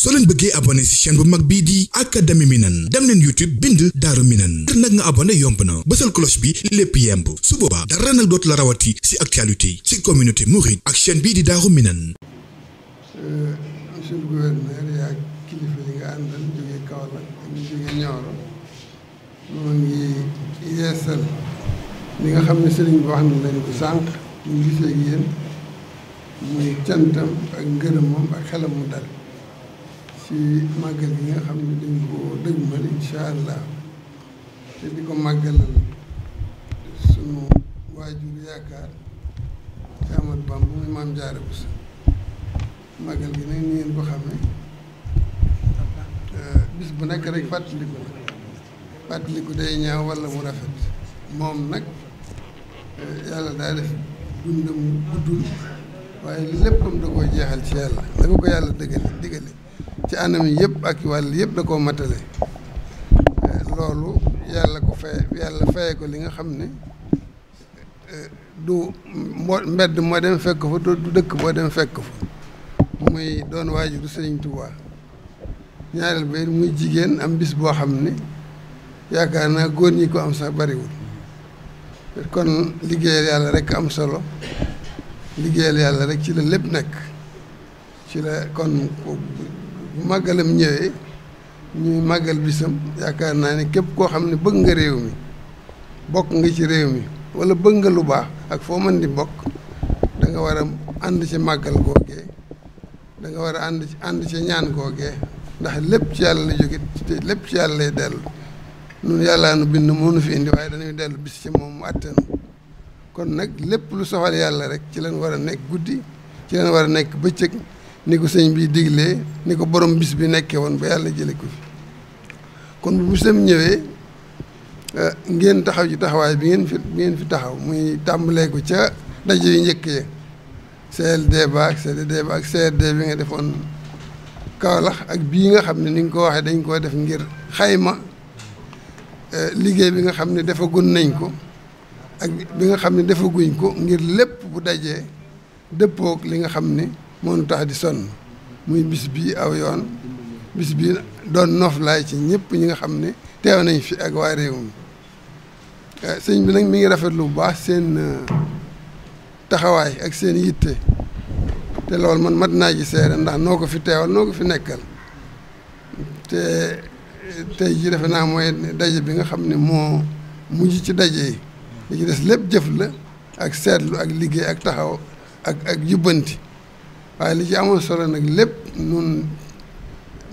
soo leen bëggee abonné ci chaîne bu mag bii di académie Minane dem leen YouTube bind Daaru Minane ngir nag nga abonné yomb na bësal cloche bi lépp yemb su boobaa dara nag dootu la rawati ci actualité ci communauté mouride ak chaîne bii di Daaru Minane. Euh, monsieur le yaa kilifa yi nga àndal jógee Kaolack ak ñu jógee Nioro ñoo ngi yeesal li nga xam ne sëriñ bi wax na leen ko sànq ñu gisee ak muy cantam ak ngërëmam ak xelam mu dal. ci màggal gi nga xam ne dañ ko dëgmal incha allah te di ko màggalal sunu waajur yaakaar ci Ahmadu Bamba muy maam Jaara màggal gi nag ni ngeen ko xamee euh, bis bu nekk rek fàttaliku fàttaliku day ñaaw walla mu rafet moom nag euh, yàlla daa def dundam guddul waaye léppam da koo jeexal ci yàlla da ko ko yàlla dëggale diggale ci anam yëpp ak wàll yëpp da koo matale loolu yàlla ko fay yàlla faye ko li nga xam ne du mbo mbedd moo dem fekk fa du dëkk boo dem fekk fa muy doon waajur sëriñ Tuubaa ñaareel ba muy jigéen am bis boo xam ne yaakaar naa góor ñi ko am sax bariwul kon liggéeyal yàlla rek am solo liggéeyal yàlla rek ci la lépp nekk ci la kon bu màggalam ñëwee ñuy màggal bisam yaakaar naa ne képp koo xam ne bëgg nga réew mi bokk nga ci réew mi wala bëgg nga lu baax ak foo mën di bokk danga war a ànd ci màggal googee da nga war a ànd ci ànd ci ñaan googee ndax lépp ci yàlla la jóge te lépp ci yàlla lay dellu nu bind mënu fi indi waaye dañuy dellu bis ci moom mu àttan kon nag lépp lu soxal yàlla rek ci leen war a nekk guddi ci leen war a nekk bëccëg ni ko sëñ bi digle ni ko borom bis bi nekkee woon ba yàlla jële ko fi kon bu bisam ñëwee eh, ngeen taxaw ci taxawaay bi ngeen fi bi ngeen fi taxaw muy tàmbalee ko ca daje yu njëkk ya CLD ba ak CDD ba ak CRD bi nga defoon kawlax ak bii nga xam ne ni nga ko waxee dañ koo def ngir xayma eh, liggéey bi nga xam ne defagun nañ ko ak bi nga xam ne defaguñ ko ngir lépp bu dajee dëppook li nga xam ni moonu tax di sonn muy bis bii aw yoon bis bii doon noflaay ci ñëpp ñi nga xam ne teew nañ fi ak waa réew mi eh, sëñ bi nag mi ngi rafetlu bu baax seen eh, taxawaay ak seen yitte te loolu man mat naa ji seere ndax noo ko fi teewal noo ko fi nekkal te eh, tey ji defe naa mooy daje bi nga xam ne moo mujj ci daje yi li ci des lépp jëf la ak seetlu ak liggéey ak taxaw ak ak jubbanti waaye li ci amoon solo nag lépp nun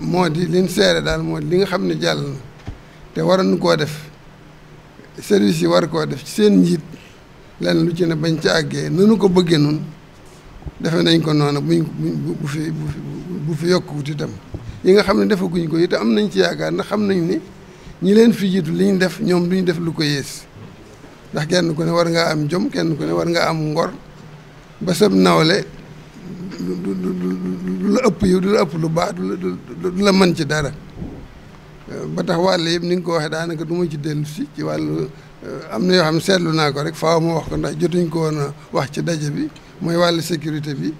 moo di liñ seere daal moo di li nga xam ne jàll na te waroon koo def service yi war koo def ci seen njiit lenn lu ci ne bañ ca àggee nanu ko bëggee nun defe nañ ko noonu buñ bu fi bu fi yokkuwut itam yi nga xam ne defaguñ ko itam am nañ ci yaakaar ndax xam nañ ni ñi leen fi jiitu li ñu def ñoom ñu def lu ko yées ndax kenn ku ne war ngaa am jom kenn ku ne war ngaa am ngor ba sab nawle du du la ëpp yiw du la ëpp lu baax du la mën ci dara euh, ba tax wàll yëpp ni nga ko waxee daanaka du ma ci dellu si ci wàllu euh, am na yoo xam seetlu naa ko rek faaw ma wax ko ndax jotuñ ko woon wax ci daje bi mooy wàllu sécurité bi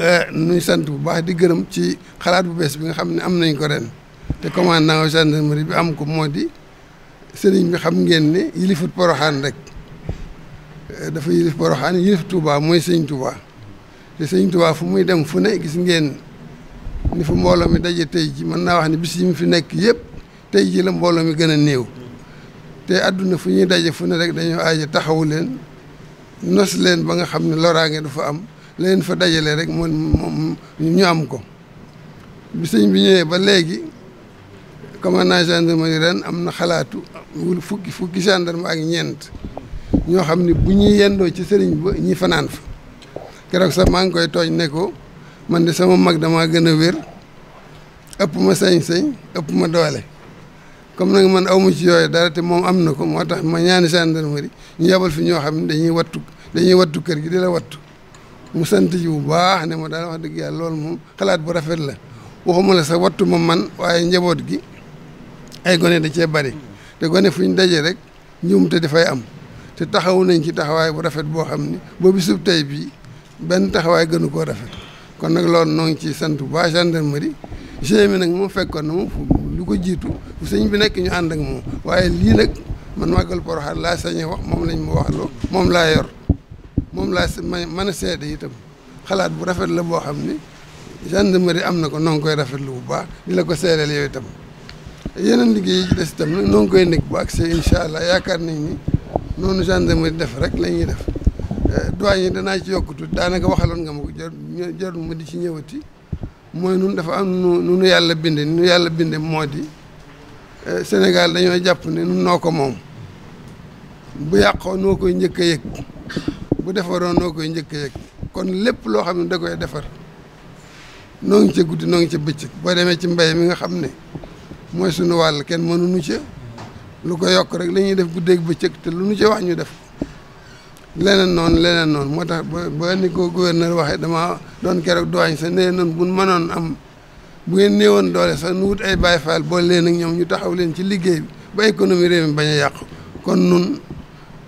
euh, nuy sant bu baax di gërëm ci xalaat bu bees bi nga xam ne am nañ ko ren te commandant gendarmerie bi am ko moo di sëriñ bi xam ngeen ne yilifut poroxaan rek dafa yilif poroxaan mooy sëñ Touba te sëñ waa fu muy dem fu ne gis ngeen ni fu mbooloo mi daje tey ji mën naa wax ne bis yi mu fi nekk yépp tey ji la mbooloo mi gën a néew te àdduna fu ñuy daje fu ne rek dañoo aaje taxawu leen nos leen ba nga xam ne loraange du fa am leen fa dajale rek moom moom ñu am ko bi bi ñëwee ba léegi commandant gendarmerie ren am na xalaatu wul fukki fukki gendarme ak ñeent ñoo xam ne bu ñuy yendoo ci sëriñ ba ñi fanaan fa keroog sax maa ngi koy tooñ ne ko man de sama mag damaa gën a wér ëpp ma sañ-sañ ëpp ma doole comme nag man awmu ci yooyu dara te moom am na ko moo tax ma ñaani gendarmerie ñu yabal fi ñoo xam ne dañuy wattu dañuy wattu kër gi di la wattu mu sant ji bu baax ne ma daal wax dëgg yàlla lool moom xalaat bu rafet la waxuma la sax wattu ma man waaye njaboot gi ay gone da cee bari te gone fu ñu daje rek njuumte dafay am te taxawu nañ ci taxawaay bu rafet boo xam ne boobu sub tey bii benn taxawaay gënu koo rafet kon nag lool noo ngi ciy sant bu baax gendarmerie GMI nag moom fekkoon na moom lu ko jiitu fu sëñ bi nekk ñu ànd ak moom waaye lii nag man màggal Porokhane laa sañee wax moom lañ ma waxloo moom laa yor moom laa mën a seede itam xalaat bu rafet la boo xam ni gendarmerie am na ko noo koy rafet lu bu baax di la ko seedeel yow itam yeneen liggéey yi ci des itam nag koy nekk bu accès incha allah yaakaar nañ ni noonu gendarmerie def rek la def. doyen danaa ci yokkutu daanaka waxaloon nga ma ko jarul ma di ci ñëwati mooy nun dafa am nu nu yàlla binde nu yàlla binde moo di eh, Sénégal dañoo jàpp ne nun noo ko moom bu yàqoo noo koy njëkk yëg bu defaroo noo koy njëkk yëg kon lépp loo xam ne da koy defar noo ngi ca guddi noo ngi ci bëccëg boo demee ci mbay mi nga xam ne mooy sunu wàll kenn mënuñu ca lu ko yokk rek la ñuy def guddeeg bëccëg te lu nu ca wax ñu def leneen noonu leneen noonu moo tax ba ba ni ko gouverneur dama doon keroog doañ sa nee noonu buñ am bu ngeen néewoon doole sax nu wut Faal boole leen ak ñoom ñu taxaw leen ci liggéey bi ba économie réew yàqu kon nun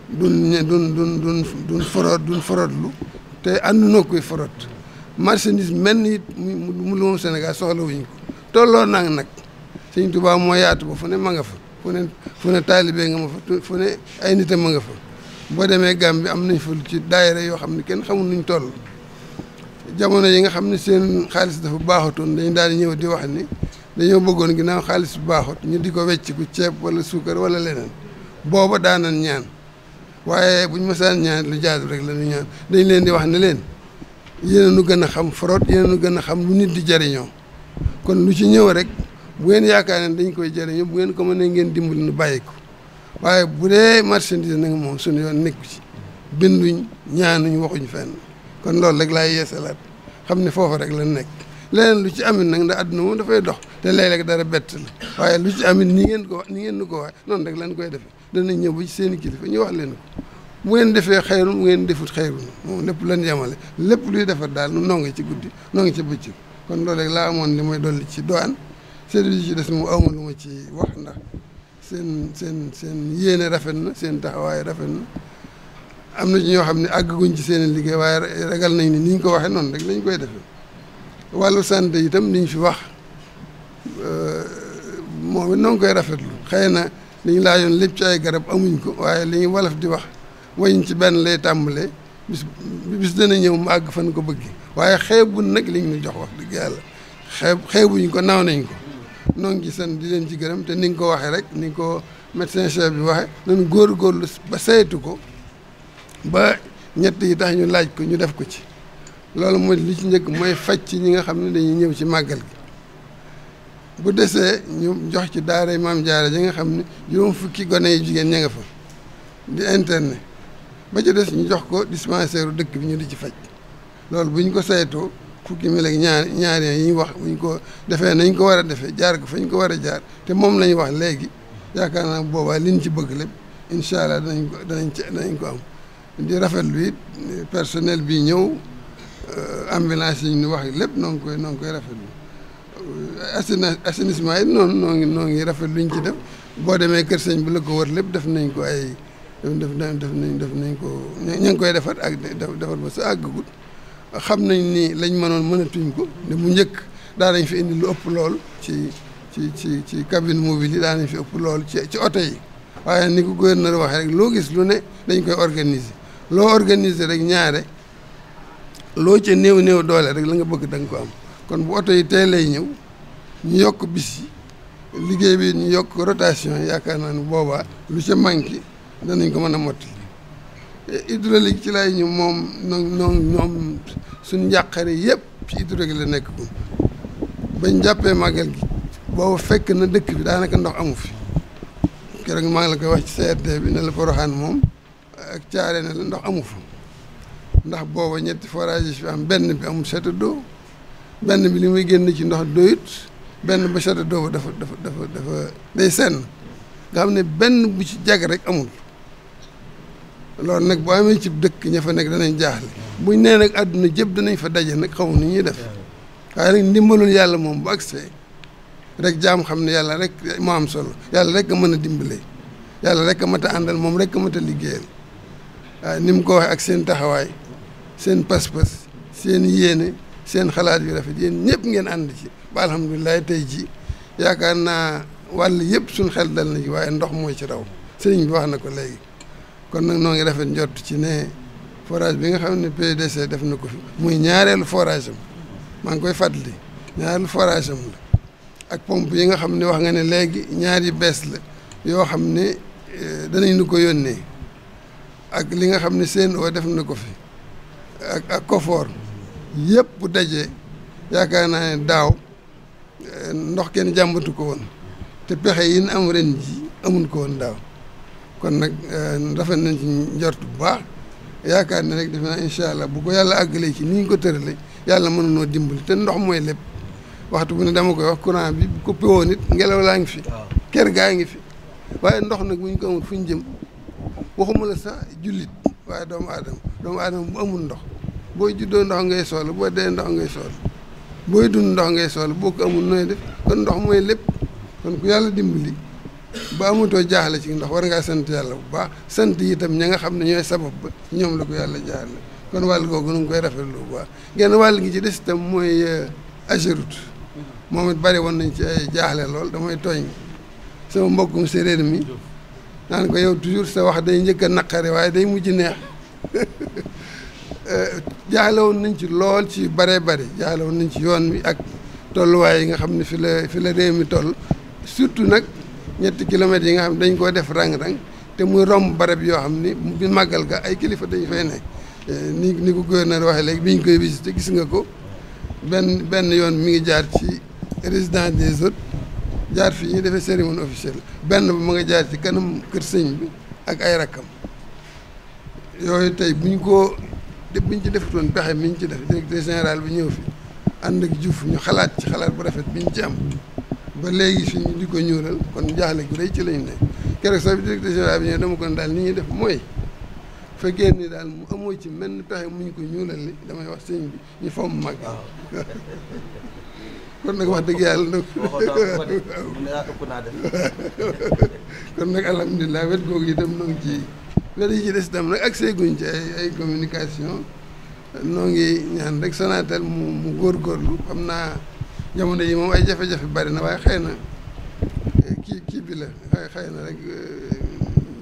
duñ duñ duñ te àndunoo koy mel ni Sénégal soxla wuñ ko nag Sëñ Tuubaa moo yaatu fu ne ma nga fa fu ne fu nga ma fa fu ne ay nita ma fa boo demee Gambie am nañ fa ci daayira yoo xam ne kenn xamul nuñ toll jamono yi nga xam ne seen xaalis dafa baaxatoon dañ daal di ñëw di wax ni dañoo bëggoon ginnaaw xaalis bu baaxut ñu di ko wecc ku ceeb wala suukar wala leneen booba daanan ñaan waaye buñ mësaan ñaan lu jaadu rek la ñaan dañ leen di wax ne leen yéen nu gën a xam fraude yéen gën a xam lu nit di jariñoo kon lu ci ñëw rek bu ngeen yaakaar ne dañ koy jariñoo bu ngeen ko nee ngeen dimbali nu bàyyi waaye bu dee marchandise nag moom sunu yoon nekk ci binduñ ñaanuñ waxuñ fen kon loolu rek laay yeesalaat xam ne foofu rek la nekk leneen lu ci amit nag ndax adduna moom dafay dox te léeg-léeg dara bett la waaye lu ci amit ni ngeen ko ni ngeen nu ko wax noonu rek lañ koy defee danañ ñëw ba ci seen i ñu wax leen ko bu ngeen defee xayru ngeen defut xayru moom lépp lañ yemale lépp luy defar daal nu nongi ci guddi nongi ci bëccëg kon loolu rek laa amoon li mooy dolli ci doan service yi ci des moom awma lu ma ci wax ndax seen seen seen yéene rafet na seen taxawaay rafet na am na ci ñoo xam ne àggaguñ ci seen liggéey waaye ragal nañ ni niñ ko waxee noonu rek lañu koy defee wàllu santé itam niñ wax euh, moom it noonu koy rafetlu xëy na liñ laajoon lépp ci ay garab amuñ ko waaye li ñu wolof di wax wañ ci benn lay tàmbalee bis bis dana ñëw mu àgg fan ko bëgg waaye xeebuñ nag liñ ñu jox wax dëgg yàlla xeeb xeebuñ ko naaw nañ ko noo ngi sant di leen ci gërëm te ni nga ko waxee rek ni nga ko médecin chef bi waxee góor góorgóorlu ba saytu ko ba ñett yi tax ñu laaj ko ñu def ko ci loolu mooy li ci njëkk mooy faj ci ñi nga xam ne dañuy ñëw ci màggal gi bu desee ñu jox ci daara maam jaara ji nga xam ne juróom fukki gone yi jigéen ña nga fa di internet ba ci des ñu jox ko dispensaire dëkk bi ñu di ci faj loolu bu ñu ko saytoo fukki mel ak ñaar ñaar yi ñu wax buñ ko defee nañ ko war a defee jaar ko fañ ko war a jaar te moom lañ wax léegi yaakaar naa boobaa liñ ci bëgg lépp incha allah danañ ko danañ ci danañ ko am di rafetlu it personnel bi ñëw euh, ambulance yi ñu wax lépp noo ngi koy noo ngi koy rafetlu euh, assaini assainissement it noonu noo ngi noo ngi rafetlu ñu ci def boo demee kër sëñ bu la ko wër lépp def nañ ko ay def def nañ def nañ ko ña ngi koy defar ak defar ba sa àggagut xam nañ ni lañ mënoon mënatuñ ko ne mu njëkk daa nañ fi indi lu ëpp lool ci ci ci ci cabine mobile yi daanañ fi ëpp lool ci ci oto yi waaye ni ko gouverneur waxee rek loo gis lu ne dañ koy organiser loo organiser rek ñaare loo ca néew néew doole rek la nga bëgg da ko am kon bu oto yi tey lay ñëw ñu yokk bis yi liggéey bi ñu yokk rotation yaakaar naa ni boobaa lu ca manqué danañ ko mën a motti hydraulique ci lay ñu moom noom ñoom suñ njàqare yëpp ci hydraulique la nekk ko bañ jàppee màggal gi boobu fekk na dëkk bi daanaka ndox amu fi keroog maa ngi la koy wax ci CRD bi ne la Porokhane moom ak caare na la ndox amu fa ndax booba ñetti forage fi am benn bi amul château benn bi li muy génn ci ndox doyut benn ba château d'eau ba dafa dafa dafa dafa day seen nga xam ne benn bu ci jag rek amul loolu nag boo amee ci dëkk ña fa nekk danañ jaaxle buñ nee nag àdduna jëpp danañ fa daje nag xaw ni ñuy def waaye nag ndimbalul yàlla moom bu rek jaam ne yàlla rek moo am solo yàlla rek mën a dimbale yàlla rek a mat a moom rek a mat ni mu ko waxee ak seen taxawaay seen pas-pas seen yéene seen xalaat yu rafet yéen ñëpp ngeen ànd ci ba alhamdulilah tey ji yaakaar naa wàll yëpp suñ xel dal na ci waaye ndox mooy ci raw sëriñ bi wax na ko léegi kon nag noo ngi rafet njort ci ne forage bi nga xam ne PDC def na ko fi muy ñaareelu forage am maa ngi koy fàttali ñaareelu forage am la ak pompe yi nga xam ne wax nga ne léegi ñaar yi bees la yoo xam ne eh, danañ nu ko yónnee ak li nga xam ne CNO def na ko fi ak ak COFOR yëpp bu dajee yaakaar naa ne daaw eh, ndox kenn jàmbatu ko woon te pexe yi ñu am ren ji amun ko woon daaw kon nag euh, rafet nañ ci njort bu baax yaakaar ne rek defe naa incha allah bu ko yàlla àggalee ci ni ñu ko tëralee yàlla mën noo dimbali te ndox mooy lépp waxtu bu ne dama koy wax courant bi bu ko it ngelaw laa ngi fi. kër gaa ngi fi waaye ndox nag bu ko amul fu ñu jëm waxuma la sax jullit waaye doomu aadama doomu aadama bu amul ndox booy juddoo ndox ngay soxla boo dee ndox ngay soxla booy dund ndox ngay soxla boo ko amul nooy def kon ndox mooy lépp kon ku yàlla dimbali. ba amatoo jaaxle ci ndox war ngaa sant yàlla bu baax sant itam ña nga xam ne ñooy sabab ba ñoom la ko yàlla jaarale kon wàll googu nu koy rafetlu bu baax genn wàll ci des itam mooy euh, Ageroute moom it bari woon nañ ci ay jaaxle lool damay tooñ sama mbokkum séréer mi naan ko yow toujours sa wax day njëkk a naqare waaye day mujj neex euh, jaaxle woon nañ ci lool ci bare bari jaaxle woon nañ ci yoon wi ak tolluwaay yi nga xam ni fi la fi la réew mi toll surtout nag ñetti kilomètres yi nga xam dañ ko def rang-rang te muy romb barab yoo xam ni bi màggal ga ay kilifa dañ fay ne ni ni ko gouverneur waxee léegi bi ñu koy visité gis nga ko benn benn yoon mi ngi jaar ci résidence des hôtes jaar fi ñuy defee cérémonie officielle benn ba ma nga jaar ci kanam kër sëñ bi ak ay rakkam yooyu tey bu ñu ko bu ñu ci defutoon pexe mi ñu ci def directeur général bi ñëw fi ànd ak Diouf ñu xalaat ci xalaat bu rafet bi ñu ci am ba léegi si ñu di ko ñuural kon jaaxle gu ci lañ ne keroog sax bi directeur général bi ñëw dama daal ni ñuy def mooy fekkee ni daal mu amoo ci menn pexe mu ñu ko ñuulal li damay wax sëñ bi ñu fomm mag kon nag wax dëgg yàlla nag kon nag alhamdulilah wet googu itam noo ngi ci wet yi ci des itam nag accès guñ ci ay ay communication noo ngi ñaan rek Sonatel mu góor góorgóorlu xam naa jamono yi moom ay jafe-jafe bari na waaye xëy na eh, kii kii bi la xëy na rek eh,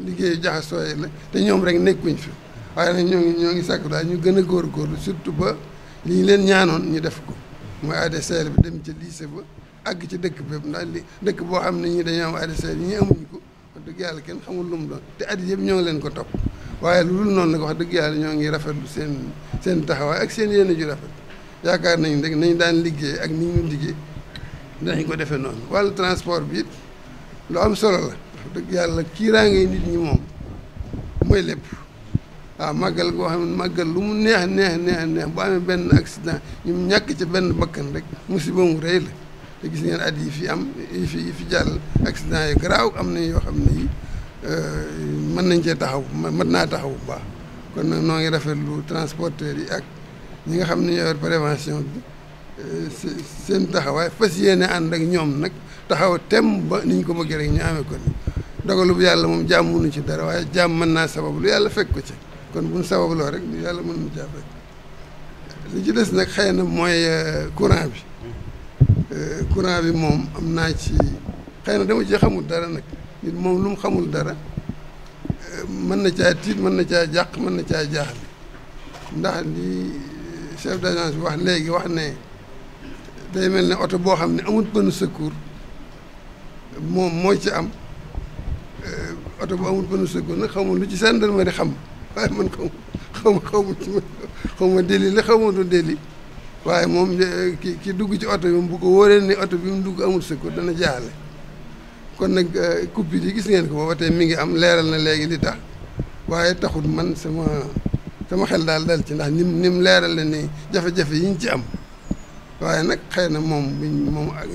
liggéeyu jaxasoo yi la te ñoom rek nekkuñ fi waaye nag ñoo ngi ñoo ngi sàkku daal ñu gën a góorgóorlu surtout ba li ñu leen ñaanoon ñu def ko mooy ADSL bi dem ca lycée ba àgg ci dëkk bépp ndax li dëkk boo xam ne ñi dañoo am ADSL yi ñu amuñ ko wax dëgg yàlla kenn xamul lu mu doon te at yëpp ñoo ngi leen ko topp waaye lu dul noonu nag wax dëgg yàlla ñoo ngi rafetlu seen seen taxawaay ak seen yéene yaakaar nañ rek nañu daan liggéey ak ni ñu liggéey dinañ ko defee noonu wàllu transport bi it lu am solo la dëgg yàlla kiiraange nit ñi moom mooy lépp waaw màggal goo xam ne màggal lu mu neex neex neex neex bu amee benn accident ñu ñàkk ci benn bakkan rek musiba mu rëy la te gis ngeen at yi fi am yi fi yi fi jàll accident yu garaaw am nañ yoo xam ne yi euh, mën nañ cee taxaw mën naa taxaw bu baax kon noo ngi rafetlu transporteur yi ak ñi nga xam ne ñoo yor prévention bi seen taxawaay fas yéene ànd ak ñoom nag taxaw temm ba ni ñu ko bëggee rek ñu amee ko ni dogalu bu yàlla moom jàmm mënu ci dara waaye jàmm mën naa sabab lu yàlla fekk ko ci kon bu ñu sababloo rek lu yàlla mun nu jàpp rek li ci des nag xëy na mooy euh, courant bi euh, courant bi moom am naa ci xëy na dama ci dara nag nit moom lu mu xamul dara euh, mën na caa tiit mën na caa jàq mën na caa jaaxle ndax lii chef d'agence bi wax léegi wax ne day mel ne auto boo xam ne amul pënu secours moom mooy ci am euh, oto bu amul pënu secours nag ma lu ci di xam waaye man xaw xawma xawma xawma déli la xawma du déli waaye moom euh, ki ki dugg ci oto bi moom bu ko wóoree ne oto bi mu dugg amul secours dana jaale kon nag euh, coupe bi di gis ngeen ko booba tey mi ngi am leeral na léegi li tax waaye taxul man sama sama xel daal dal ci ndax nim nim leeral la ni jafe-jafe ñu ci am waaye nag xëy na moom biñ moom ak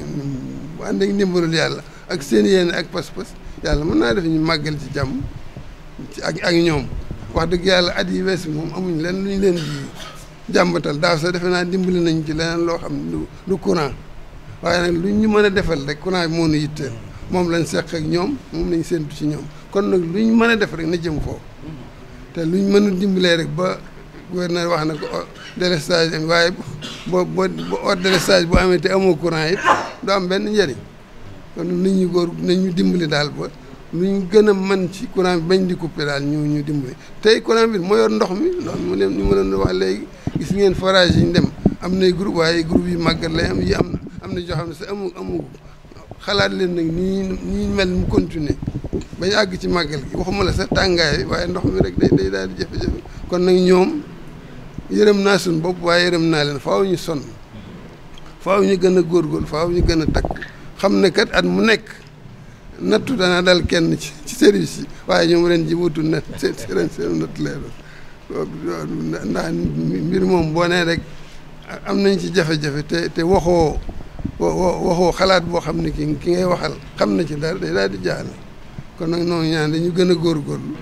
bu ànd yàlla ak seen yéene ak pas yàlla mën naa def ñu màggal ci jàmm ci ak ak ñoom wax dëgg yàlla at yi weesu moom amuñ leen lu ñu leen jàmbatal daaw sax defe naa dimbali nañ ci leneen loo xam ne du waaye nag lu ñu mën a defal rek courant bi moo nu yitteel moom lañ seq ak ñoom moom lañ séentu ci ñoom kon nag lu ñu mën a def rek na jëm foofu te luñ mënul dimbalee rek ba gouverneur wax na ko délestage am waaye boo boo ordre délestage bu amee te amoo courant it du am benn njëriñ kon nit ñi góor nañu dimbali daal ba ñu gën a mën ci courant bi bañ di couper daal ñu ñu dimbali tey courant bi moo ndox mi ndox mu ñu ñu mënoon wax léegi gis ngeen forage yi ñu dem am nay groupe waaye groupe yu màggat lay am yi am na am na joo xam ne sax amu amu xalaat leen nag nii nii mel mu continuer bañ àgg ci màggal gi waxuma la sa tàngaay waaye ndox mi rek day daal di jafe-jafe kon nag ñoom yërëm naa suñ bopp waaye yërëm naa leen faaw ñu sonn faaw ñu gën a góorgóorlu faaw ñu gën a takk xam ne kat at mu nekk nattu danaa daal kenn ci ci service yi waaye ñoom ren ji wutul na seen seen nattu lay doon mbir moom boo nee rek am nañ ci jafe-jafe te te waxoo wa waxoo xalaat boo xam ne ki ki ngay waxal xam na ci dara day daal di jaaxle kon nag noonu ñaan dañu gën a góorgóorlu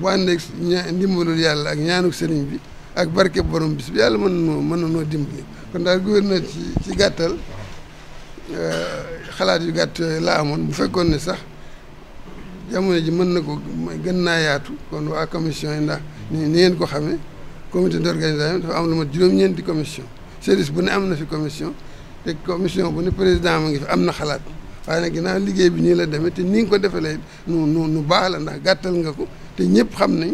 bu àndeeg ña ndimbalul yàlla ak ñaanuk sëriñ bi ak barke borom bi bi yàlla mën nañoo mën nañoo dimbali kon daal gouverneur ci gàttal euh, xalaat yu gàtt yooyu laa amoon bu fekkoon ne sax jamono ji mën na ko gën naa yaatu kon waa commission yi ndax ni ni ngeen ko xamee comité d'organisation dafa am lu ma juróom-ñeenti commission service bu ne am na fi commission te commission bu ne président mu ngi fi am na xalaat waaye nag ginnaaw liggéey bi nii la demee te ni nga ko defalee nu nu nu baax la ndax gàttal nga ko te ñëpp xam nañ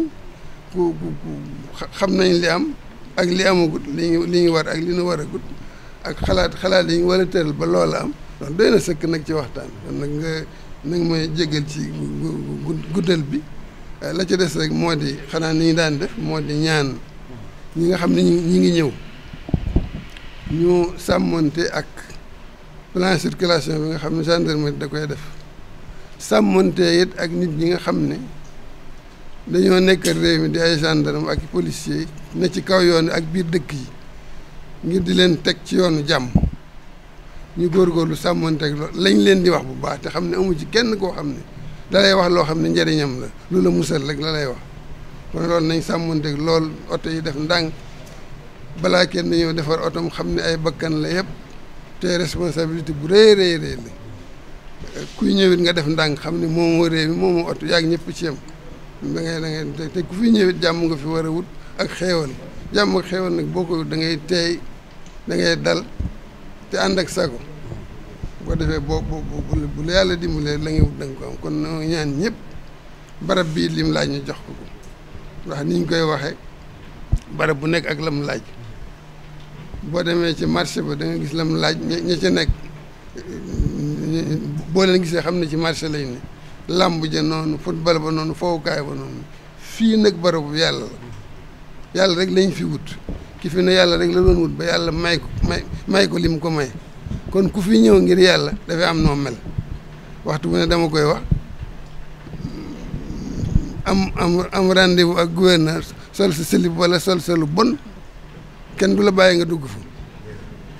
ku ku nañ li am ak li amagut li ñu li ñu war ak li ñu war agut ak xalaat xalaat yi ñu war a tëral ba loola am loolu doy na sëkk nag ci waxtaan kon nag nga nag mooy jégal ci guddal bi la ca des rek moo di xanaa ni ñu daan def moo di ñaan ñi nga xam ne ñu ngi ñëw ñu sàmmonte ak plan circulation bi nga xam ne gendarmerie da koy def sàmmonte it ak nit ñi nga xam ne dañoo nekk réew mi di ay gendarme ak policiers ne ci kaw yoon ak biir dëkk yi ngir di leen teg ci yoonu jàmm ñu góor góor lu sàmmonte ak loolu lañ leen di wax bu baax te xam ne amu ci kenn koo xam ne da wax loo xam ne njëriñam la lu la musal rek la lay wax kon loolu nañ sàmmonte ak lool oto yi def ndànk balaa kenn ñëw defar otom xam ne ay bakkan la yëpp te responsabilité bu rëy rëy rëy la kuy ñëwit nga def ndànk xam ne moomoo réew mi moomoo oto yaag ñëpp ci yem da ngay da ngay te ku fi ñëwit jàmm nga fi war a wut ak xeewal jàmm ak xeewal nag boo ko da ngay teey da ngay dal te ànd ak sago boo defee boo boo bu la yàlla dimbalee la ngay wut da nga ko am kon ñaan ñëpp barab bii lim laaj ñu jox ko ko ndax niñ koy waxee barab bu nekk ak lam laaj boo demee ci marché bi danga nga gis lam laaj ña ca nekk boo leen gisee xam ne ci marché lañ ne làmb ja noonu football ba noonu fowukaay ba noonu fii nag barabu yàlla la yàlla rek lañ fi wut ki fi ne yàlla rek la doon wut ba yàlla may ko may may ko li mu ko may kon ku fi ñëw ngir yàlla dafay am noo mel waxtu bu ne dama koy wax am am am ak gouverneur sol sa slip wala sol sa lu bon kenn du la bàyyi nga dugg fa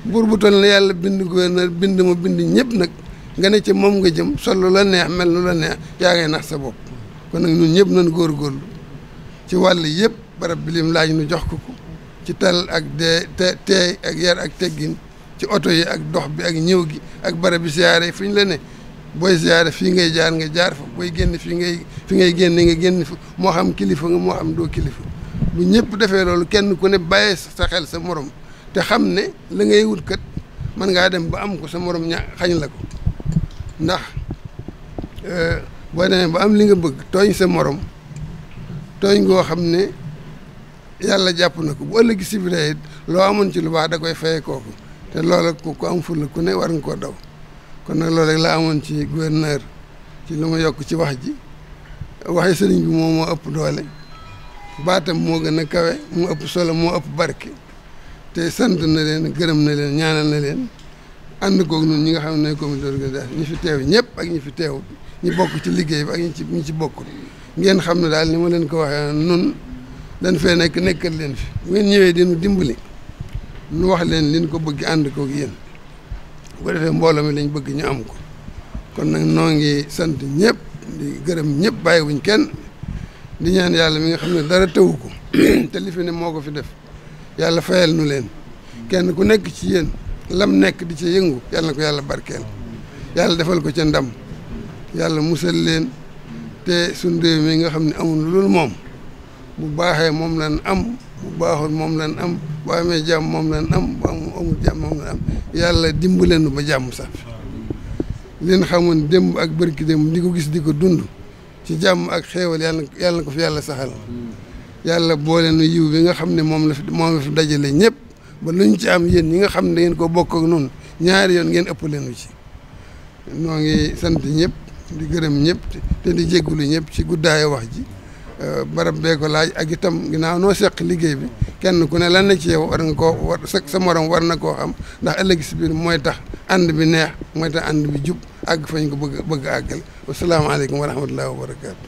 buur bu toll la yàlla bind gouverneur bind moo bind ñëpp nag nga ne ci moom nga jëm sol lu la neex mel lu la neex yaa ngay nax sa bopp kon nag ñun ñëpp góor góorlu ci wàll yëpp barab bi lim laaj nu jox ko ko ci tal ak dee teey ak yar ak teggin ci oto yi ak dox bi ak ñëw gi ak barab bi siyaare fi ñu la ne booy siyaare fii ngay jaar nga jaar fa booy génn fii ngay fi ngay génn nga génn fa moo xam kilifa nga moo xam doo kilifa bu ñëpp defee loolu kenn ku ne bàyyee sa xel sa morom te xam ne la ngay wut kat mën ngaa dem ba am ko sa morom ña xañ la ko ndax euh, boo demee ba am li nga bëgg tooñ sa morom tooñ koo xam ne yàlla jàpp na ko bu ëllëgi si biir loo amoon ci lu baax da koy fayee kooku te loola ku ko am fulla ku ne war nga koo daw kon nag loolu rek laa amoon ci gouverneur ci lu ma yokk ci wax ji waxi sëriñ bi moom moo ëpp doole. baatam moo gën a kawe moo ëpp solo moo ëpp barke te sant na leen gërëm na leen ñaanal na leen ànd koog ñun ñi nga xam ne comité d'organisation ñi fi teew ñëpp ak ñi fi teew ñi bokk ci liggéey bi ak ñi ci ñi ci bokkul ngeen xam ne daal ni ma leen ko waxee nun dañ fee nekk nekkal leen fi ngeen ñëwee dinu dimbali nu wax leen liñ ko bëgg ànd koog yéen bu ko defee mbooloo mi lañ bëgg ñu am ko kon nag noo ngi sant ñëpp di gërëm ñëpp bàyyiwuñ kenn di ñaan yàlla mi nga xam ne dara tëwu ko te li ne moo ko fi def yàlla fayal nu leen kenn ku nekk ci yéen lam nekk di ci yëngu yàlla na ko yàlla barkeel yàlla defal ko ci ndam yàlla musal leen te suñ réew mi nga xam ne amul loolu moom bu baaxee moom lan am bu baaxul moom lan am bu amee jàmm moom lan am bu amul jàmm moom lan am yàlla dimbaleen ba jàmm sax leen xamoon démb ak bërki démb di ko gis di ko dund ci jàmm ak xéewal yàlla yàlla na ko fi yàlla saxal yàlla boole nu yiw bi nga xam ne moom la fi moom fi dajale ñëpp ba luñ ci am yéen ñi nga xam ne da ko bokk ak noonu ñaari yoon ngeen ëpp leenu ci noo ngi sant ñëpp di gërëm ñëpp te di jéggulu ñëpp ci guddaayo wax ji barab bee ko laaj ak itam ginnaaw noo seq liggéey bi kenn ku ne lan na ci yow war nga koo war sa morom war na koo xam ndax ëllëg si biir mooy tax ànd bi neex mooy tax ànd bi jub àgg fañ ko bëgg bëgg àggal wasalaamaaleykum wa rahmatullahi wa barakaatu.